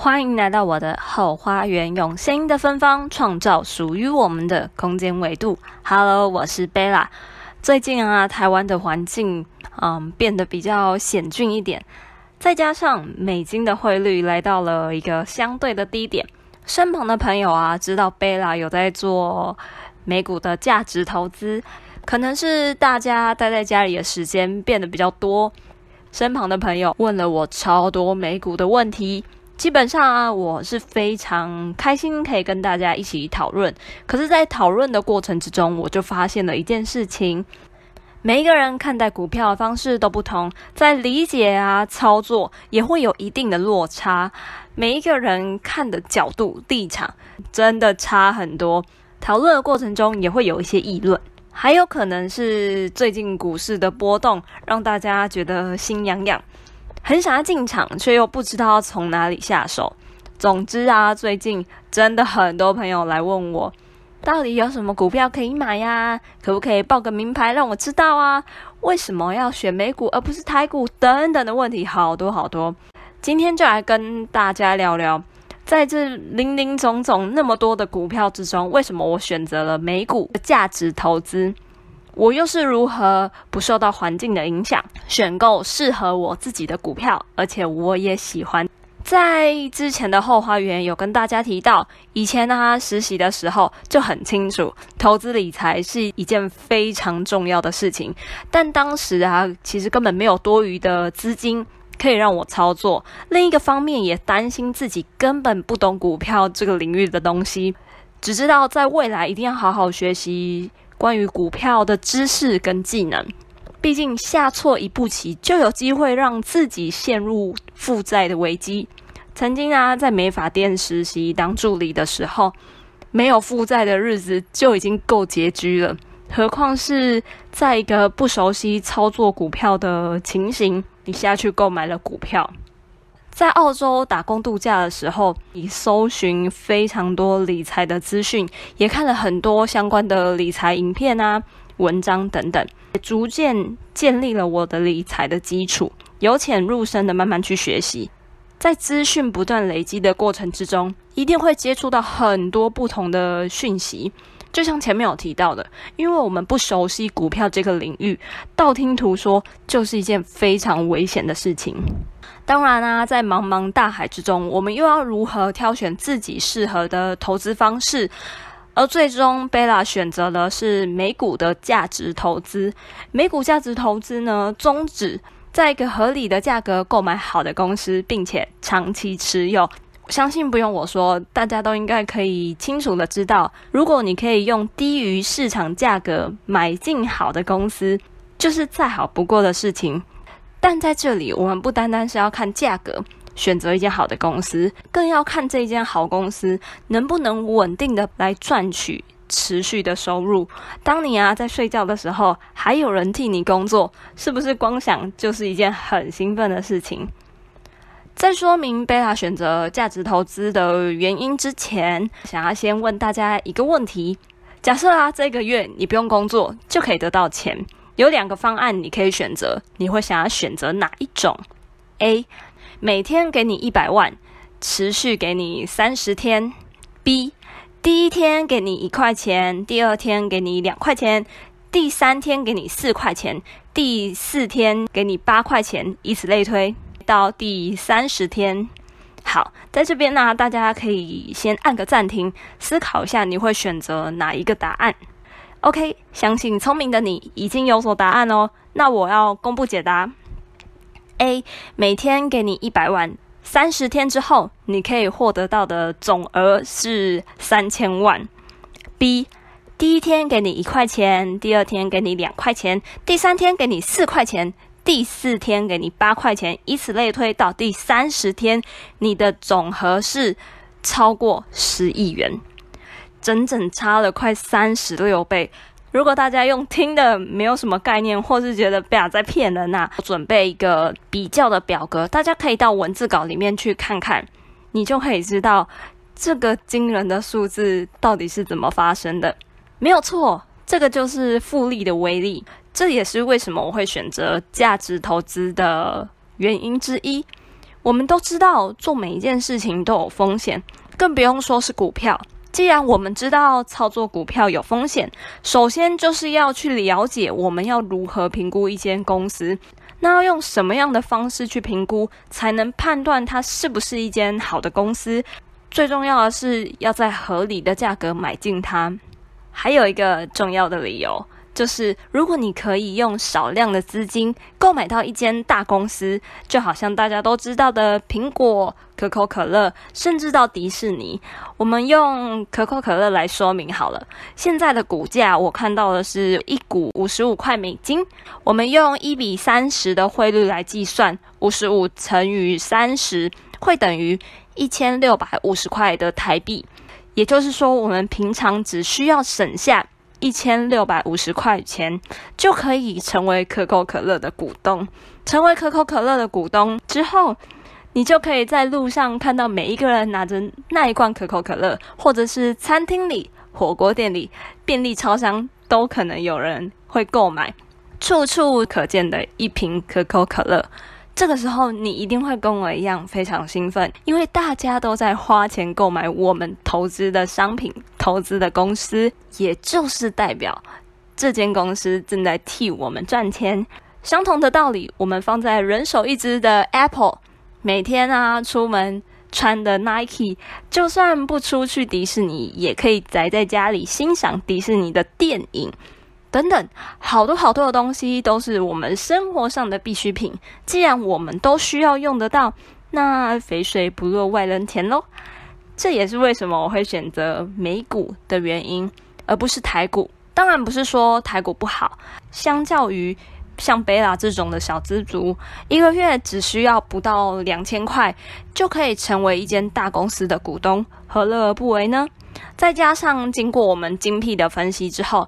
歡迎來到我的後花園，用新的芬芳創造屬於我們的空間維度。Hello，我是 Bella。最近啊，台灣的環境，嗯，變得比較險峻一點，再加上美金的匯率來到了一個相對的低點。身旁的朋友啊，知道 Bella 有在做美股的價值投資，可能是大家待在家裡的時間變得比較多。身旁的朋友問了我超多美股的問題。基本上啊，我是非常開心，可以跟大家一起討論。可是，在討論的過程之中，我就發現了一件事情：每一個人看待股票的方式都不同，在理解啊、操作也會有一定的落差。每一個人看的角度、立場真的差很多。討論的過程中也會有一些議論，還有可能是最近股市的波動，讓大家覺得心癢癢。很想要進場，卻又不知道要從哪裡下手。總之啊，最近真的很多朋友來問我，到底有什麼股票可以買呀？可不可以報個名牌讓我知道啊？為什麼要選美股而不是台股？等等的問題好多好多。今天就來跟大家聊聊，在這林林總總那麼多的股票之中，為什麼我選擇了美股的價值投資？我又是如何不受到環境的影響，選購適合我自己的股票，而且我也喜歡。在之前的後花園有跟大家提到，以前呢、啊、實習的時候就很清楚，投資理財是一件非常重要的事情。但當時啊，其實根本沒有多餘的資金可以讓我操作。另一個方面也擔心自己根本不懂股票這個領域的東西，只知道在未來一定要好好學習。關於股票的知識跟技能，畢竟下錯一步棋，就有機會讓自己陷入負債的危機。曾經啊，在美髮店實習當助理的時候，沒有負債的日子就已經夠拮据了，何況是在一個不熟悉操作股票的情形，你下去購買了股票。在澳洲打工度假的時候，已搜尋非常多理財的資訊，也看了很多相關的理財影片啊、文章等等，也逐漸建立了我的理財的基礎，由淺入深的慢慢去學習。在資訊不斷累積的過程之中，一定會接觸到很多不同的訊息。就像前面有提到的，因為我們不熟悉股票這個領域，道聽途說就是一件非常危險的事情。當然啊，在茫茫大海之中，我們又要如何挑選自己適合的投資方式？而最終，Bella 選擇的是美股的價值投資。美股價值投資呢，宗旨在一個合理的價格購買好的公司，並且長期持有。相信不用我說，大家都應該可以清楚的知道，如果你可以用低於市場價格買進好的公司，就是再好不過的事情。但在這裡，我們不單單是要看價格，選擇一間好的公司，更要看這一間好公司能不能穩定的來賺取持續的收入。當你啊在睡覺的時候，還有人替你工作，是不是光想就是一件很興奮的事情？在說明 Bella 選擇價值投資的原因之前，想要先問大家一個問題：假設啊這個月你不用工作就可以得到錢。有兩個方案你可以選擇，你會想要選擇哪一種？A，每天給你一百萬，持續給你三十天；B，第一天給你一塊錢，第二天給你兩塊錢，第三天給你四塊錢，第四天給你八塊錢，以此類推到第三十天。好，在這邊呢、啊，大家可以先按個暫停，思考一下你會選擇哪一個答案。OK，相信聰明的你已經有所答案哦。那我要公布解答：A，每天給你一百萬，三十天之後你可以獲得到的總額是三千萬；B，第一天給你一塊錢，第二天給你兩塊錢，第三天給你四塊錢，第四天給你八塊錢，以此類推到第三十天，你的總和是超過十億元。整整差了快三十六倍。如果大家用聽的沒有什麼概念，或是覺得 “Bella 在騙人啊”，我準備一個比較的表格，大家可以到文字稿裡面去看看，你就可以知道這個驚人的數字到底是怎麼發生的。沒有錯，這個就是複利的威力。這也是為什麼我會選擇價值投資的原因之一。我們都知道，做每一件事情都有風險，更不用說是股票。既然我們知道操作股票有風險，首先就是要去了解我們要如何評估一間公司，那要用什麼樣的方式去評估，才能判斷它是不是一間好的公司？最重要的是要在合理的價格買進它。還有一個重要的理由。就是如果你可以用少量的資金購買到一間大公司，就好像大家都知道的蘋果、可口可樂，甚至到迪士尼。我們用可口可樂來說明好了。現在的股價我看到的是一股五十五塊美金，我們用一比三十的匯率來計算，五十五乘以三十會等於一千六百五十塊的台幣。也就是說，我們平常只需要省下。一千六百五十塊錢就可以成為可口可樂的股東。成為可口可樂的股東之後，你就可以在路上看到每一個人拿着那一罐可口可樂，或者是餐廳裡、火鍋店裡、便利超商都可能有人會購買，處處可見的一瓶可口可樂。這個時候，你一定會跟我一樣非常興奮，因為大家都在花錢購買我們投資的商品、投資的公司，也就是代表這間公司正在替我們賺錢。相同的道理，我們放在人手一隻的 Apple，每天啊出門穿的 Nike，就算不出去迪士尼，也可以宅在家裡欣賞迪士尼的電影。等等，好多好多的東西都是我們生活上的必需品。既然我們都需要用得到，那肥水不落外人田嘍。這也是為什麼我會選擇美股的原因，而不是台股。當然不是說台股不好。相較於像貝拉這種的小資族，一個月只需要不到兩千塊，就可以成為一間大公司的股東，何樂而不為呢？再加上經過我們精闢的分析之後。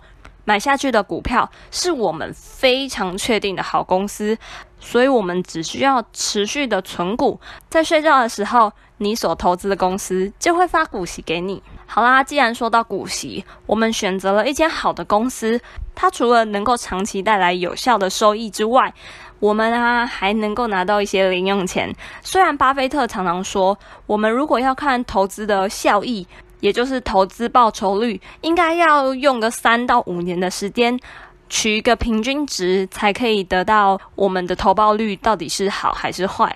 買下去的股票是我們非常確定的好公司，所以我們只需要持續的存股。在睡覺的時候，你所投資的公司就會發股息給你。好啦，既然說到股息，我們選擇了一間好的公司，它除了能夠長期帶來有效的收益之外，我們啊還能夠拿到一些零用錢。雖然巴菲特常常說，我們如果要看投資的效益，也就是投資報酬率，應該要用個三到五年的時間，取一個平均值，才可以得到我們的投報率到底是好還是壞。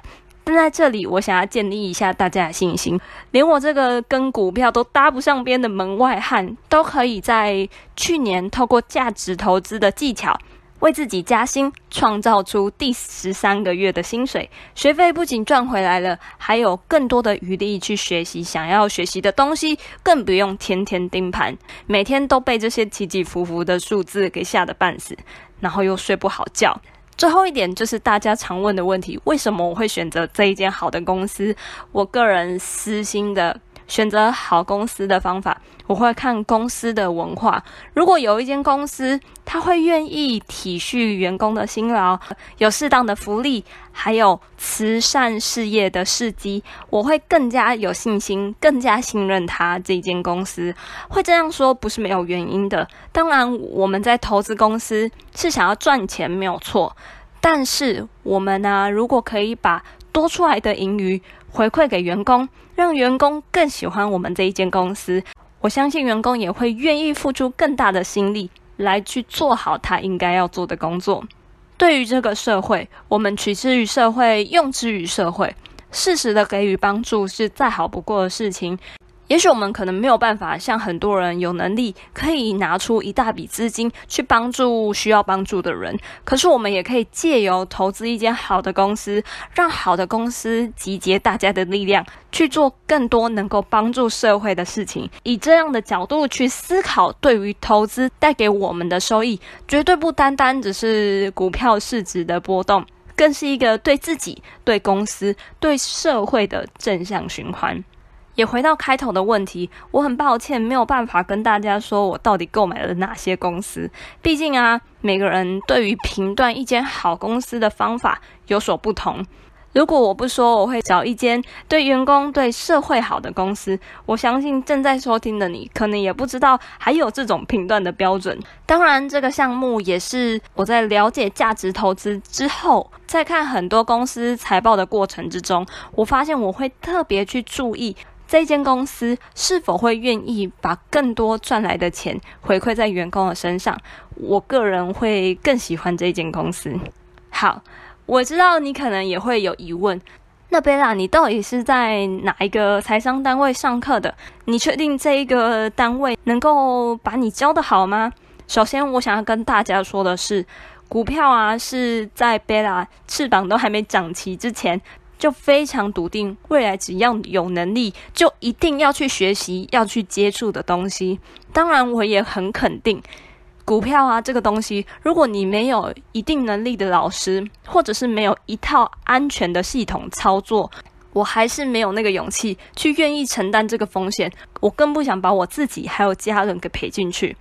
但在這裡，我想要建立一下大家的信心，連我這個跟股票都搭不上邊的門外漢，都可以在去年透過價值投資的技巧。為自己加薪，創造出第十三個月的薪水，學費不僅賺回來了，還有更多的餘力去學習想要學習的東西，更不用天天盯盤，每天都被這些起起伏伏的數字給嚇得半死，然後又睡不好覺。最後一點就是大家常問的問題：為什麼我會選擇這一間好的公司？我個人私心的選擇好公司的方法。我會看公司的文化。如果有一間公司，他會願意體恤員工的辛勞，有適當的福利，還有慈善事業的事蹟，我會更加有信心，更加信任他這間公司。會這樣說不是沒有原因的。當然，我們在投資公司是想要賺錢沒有錯，但是我們呢、啊，如果可以把多出來的盈餘回饋給員工，讓員工更喜歡我們這一間公司。我相信員工也會願意付出更大的心力來去做好他應該要做的工作。對於這個社會，我們取之於社會，用之於社會，適時的給予幫助是再好不過的事情。也許我們可能沒有辦法像很多人有能力，可以拿出一大筆資金去幫助需要幫助的人。可是我們也可以借由投資一間好的公司，讓好的公司集結大家的力量，去做更多能夠幫助社會的事情。以這樣的角度去思考，對於投資帶給我們的收益，絕對不單單只是股票市值的波動，更是一個對自己、對公司、對社會的正向循環。也回到開頭的問題，我很抱歉沒有辦法跟大家說我到底購買了哪些公司。畢竟啊，每個人對於評斷一間好公司的方法有所不同。如果我不說我會找一間對員工、對社會好的公司，我相信正在收聽的你可能也不知道還有這種評斷的標準。當然，這個項目也是我在了解價值投資之後，在看很多公司財報的過程之中，我發現我會特別去注意。這一間公司是否會願意把更多賺來的錢回饋在員工的身上？我個人會更喜歡這一間公司。好，我知道你可能也會有疑問。那貝拉，你到底是在哪一個財商單位上課的？你確定這一個單位能夠把你教得好嗎？首先，我想要跟大家說的是，股票啊，是在貝拉翅膀都還沒長齊之前。就非常篤定，未來只要有能力，就一定要去學習，要去接觸的東西。當然，我也很肯定，股票啊這個東西，如果你沒有一定能力的老師，或者是沒有一套安全的系統操作，我還是沒有那個勇氣去願意承擔這個風險。我更不想把我自己還有家人給賠進去。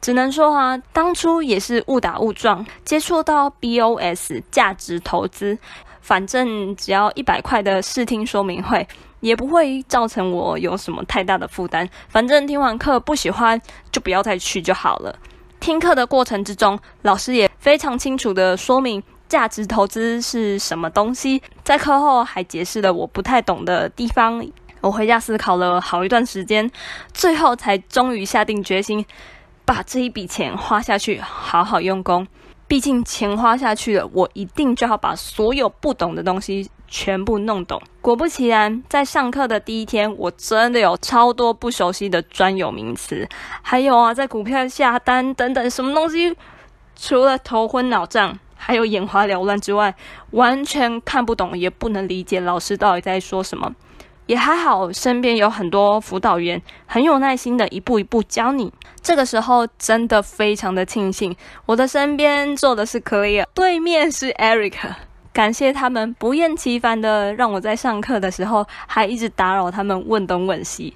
只能說啊，當初也是誤打誤撞接觸到 BOS 價值投資，反正只要一百塊的試聽說明會，也不會造成我有什麼太大的負擔。反正聽完課不喜歡就不要再去就好了。聽課的過程之中，老師也非常清楚的說明價值投資是什麼東西，在課後還解釋了我不太懂的地方。我回家思考了好一段時間，最後才終於下定決心。把這一筆錢花下去，好好用功。畢竟錢花下去了，我一定就要把所有不懂的東西全部弄懂。果不其然，在上課的第一天，我真的有超多不熟悉的專有名詞，還有啊，在股票下單等等什麼東西，除了頭昏腦脹，還有眼花繚亂之外，完全看不懂，也不能理解老師到底在說什麼。也還好，身邊有很多輔導員很有耐心的一步一步教你。這個時候真的非常的慶幸，我的身邊坐的是 Clara，對面是 Erica，感謝他們不厭其煩的讓我在上課的時候還一直打擾他們問東問西。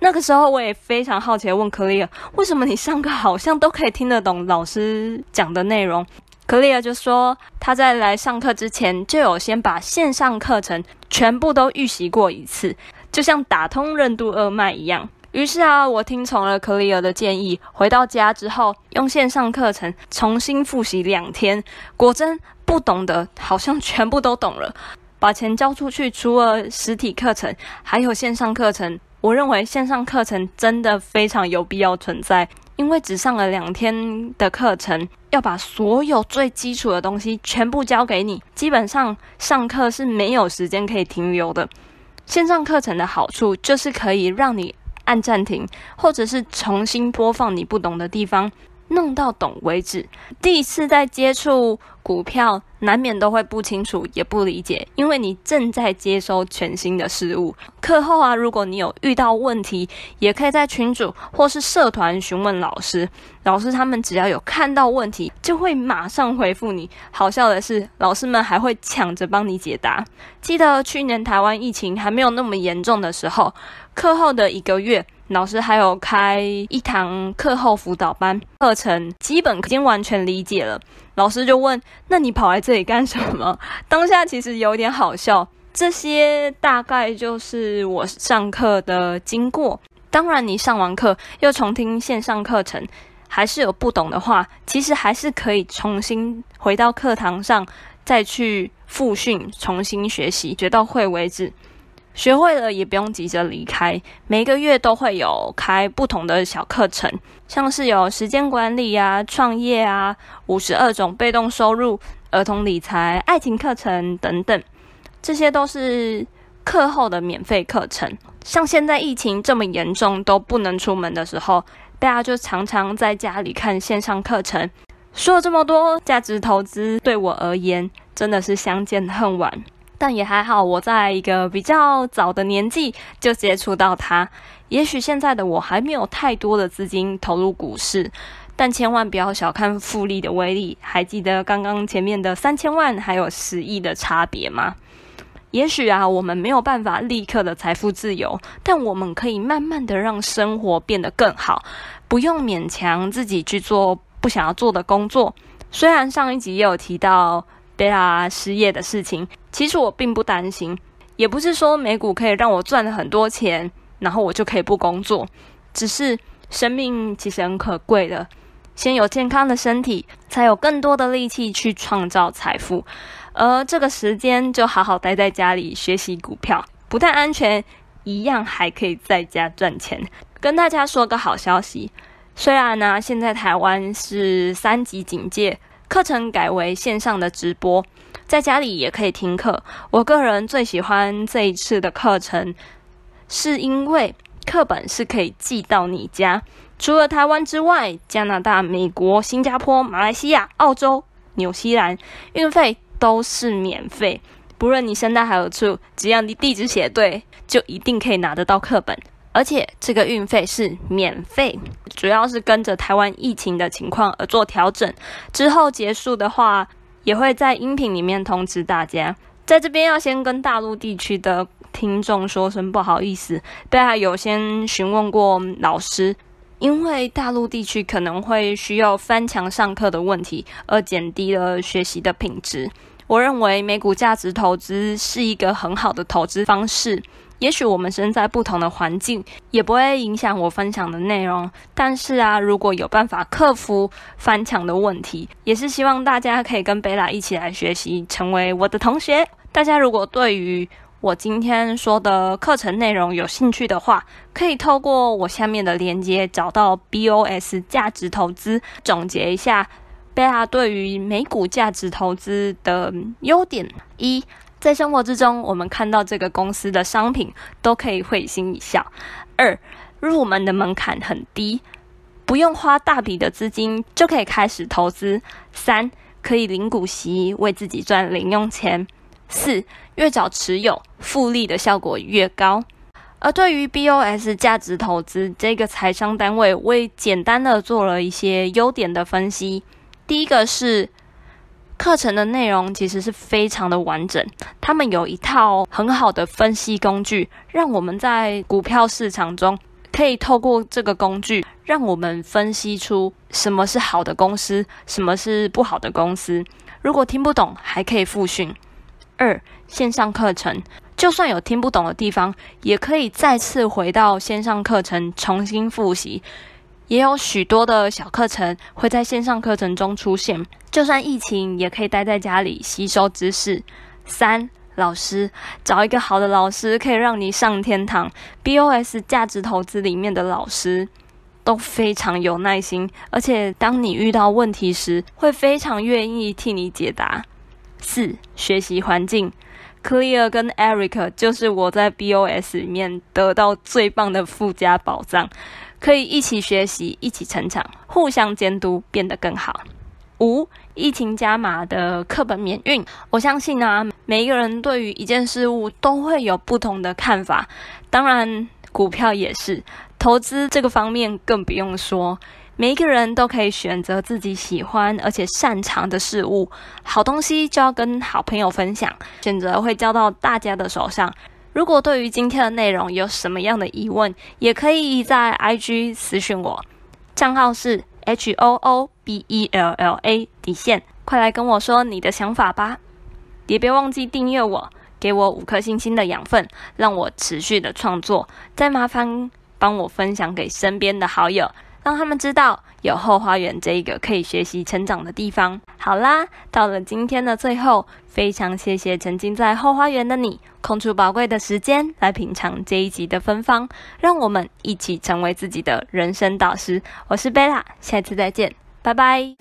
那個時候我也非常好奇地問 Clara，為什麼你上課好像都可以聽得懂老師講的內容？Clear 就說，他在來上課之前就有先把線上課程全部都預習過一次，就像打通任督二脈一樣。於是啊，我聽從了 Clear 的建議，回到家之後用線上課程重新複習兩天，果真不懂的好像全部都懂了。把錢交出去，除了實體課程，還有線上課程。我認為線上課程真的非常有必要存在。因為只上了兩天的課程，要把所有最基礎的東西全部教給你，基本上上課是沒有時間可以停留的。線上課程的好處就是可以讓你按暫停，或者是重新播放你不懂的地方。弄到懂為止。第一次在接觸股票，難免都會不清楚也不理解，因為你正在接收全新的事物。課後啊，如果你有遇到問題，也可以在群組或是社團詢問老師。老師他們只要有看到問題，就會馬上回復你。好笑的是，老師們還會搶着幫你解答。記得去年台灣疫情還沒有那麼嚴重的時候，課後的一個月。老師還有開一堂課後輔導班，課程基本已經完全理解了。老師就問：“那你跑來這裡幹什麼？”當下其實有點好笑。這些大概就是我上課的經過。當然，你上完課又重聽線上課程，還是有不懂的話，其實還是可以重新回到課堂上再去復訓，重新學習，學到會為止。學會了也不用急着離開，每個月都會有開不同的小課程，像是有時間管理啊、創業啊、五十二種被動收入、兒童理財、愛情課程等等，這些都是課後的免費課程。像現在疫情這麼嚴重都不能出門的時候，大家就常常在家裡看線上課程。說了這麼多，價值投資對我而言真的是相見恨晚。但也還好，我在一個比較早的年紀就接觸到它。也許現在的我還沒有太多的資金投入股市，但千萬不要小看複利的威力。還記得剛剛前面的三千萬還有十億的差別嗎？也許啊，我們沒有辦法立刻的財富自由，但我們可以慢慢的讓生活變得更好，不用勉強自己去做不想要做的工作。雖然上一集也有提到貝拉失業的事情。其實我並不擔心，也不是說美股可以讓我賺了很多錢，然後我就可以不工作。只是生命其實很可貴的，先有健康的身體，才有更多的力氣去創造財富。而這個時間，就好好待在家裡學習股票，不但安全，一樣還可以在家賺錢。跟大家說個好消息，雖然呢現在台灣是三級警戒，課程改為線上的直播。在家裡也可以聽課。我個人最喜歡這一次的課程，是因為課本是可以寄到你家。除了台灣之外，加拿大、美國、新加坡、馬來西亞、澳洲、紐西蘭，運費都是免費。不論你身在何處，只要你地址寫對，就一定可以拿得到課本。而且這個運費是免費，主要是跟着台灣疫情的情況而做調整。之後結束的話。也會在音頻裡面通知大家，在這邊要先跟大陸地區的聽眾說聲不好意思，大家有先詢問過老師，因為大陸地區可能會需要翻牆上課的問題而減低了學習的品質。我認為美股價值投資是一個很好的投資方式。也許我們身在不同的環境，也不會影響我分享的內容。但是啊，如果有辦法克服翻牆的問題，也是希望大家可以跟貝拉一起來學習，成為我的同學。大家如果對於我今天說的課程內容有興趣的話，可以透過我下面的連接找到 BOS 價值投資。總結一下貝拉對於美股價值投資的優點一。在生活之中，我們看到這個公司的商品都可以會心一笑。二，入門的門檻很低，不用花大筆的資金就可以開始投資。三，可以領股息，為自己賺零用錢。四，越早持有，複利的效果越高。而對於 B O S 價值投資這個財商單位，我簡單的做了一些優點的分析。第一個是。課程的內容其實是非常的完整，他們有一套很好的分析工具，讓我們在股票市場中可以透過這個工具，讓我們分析出什麼是好的公司，什麼是不好的公司。如果聽不懂，還可以複訓。二、線上課程，就算有聽不懂的地方，也可以再次回到線上課程重新複習。也有許多的小課程會在線上課程中出現，就算疫情也可以待在家裡吸收知識。三，老師找一個好的老師可以讓你上天堂。BOS 價值投資裡面的老師都非常有耐心，而且當你遇到問題時，會非常願意替你解答。四，學習環境。Clear 跟 Erica 就是我在 BOS 裡面得到最棒的附加寶藏。可以一起學習，一起成長，互相監督，變得更好。五、疫情加碼的課本免運。我相信呢、啊，每一個人對於一件事物都會有不同的看法，當然股票也是，投資這個方面更不用說。每一個人都可以選擇自己喜歡而且擅長的事物，好東西就要跟好朋友分享，選擇會交到大家的手上。如果對於今天的內容有什麼樣的疑問，也可以在 IG 私訊我，賬號是 h o o b e l l a 底線，快來跟我說你的想法吧！也別忘記訂閱我，給我五顆星星的養分，讓我持續的創作。再麻煩幫我分享給身邊的好友。讓他們知道有後花園這一個可以學習成長的地方。好啦，到了今天的最後，非常謝謝曾經在後花園的你，空出寶貴的時間來品嘗這一集的芬芳。讓我們一起成為自己的人生導師。我是貝拉，下次再見，拜拜。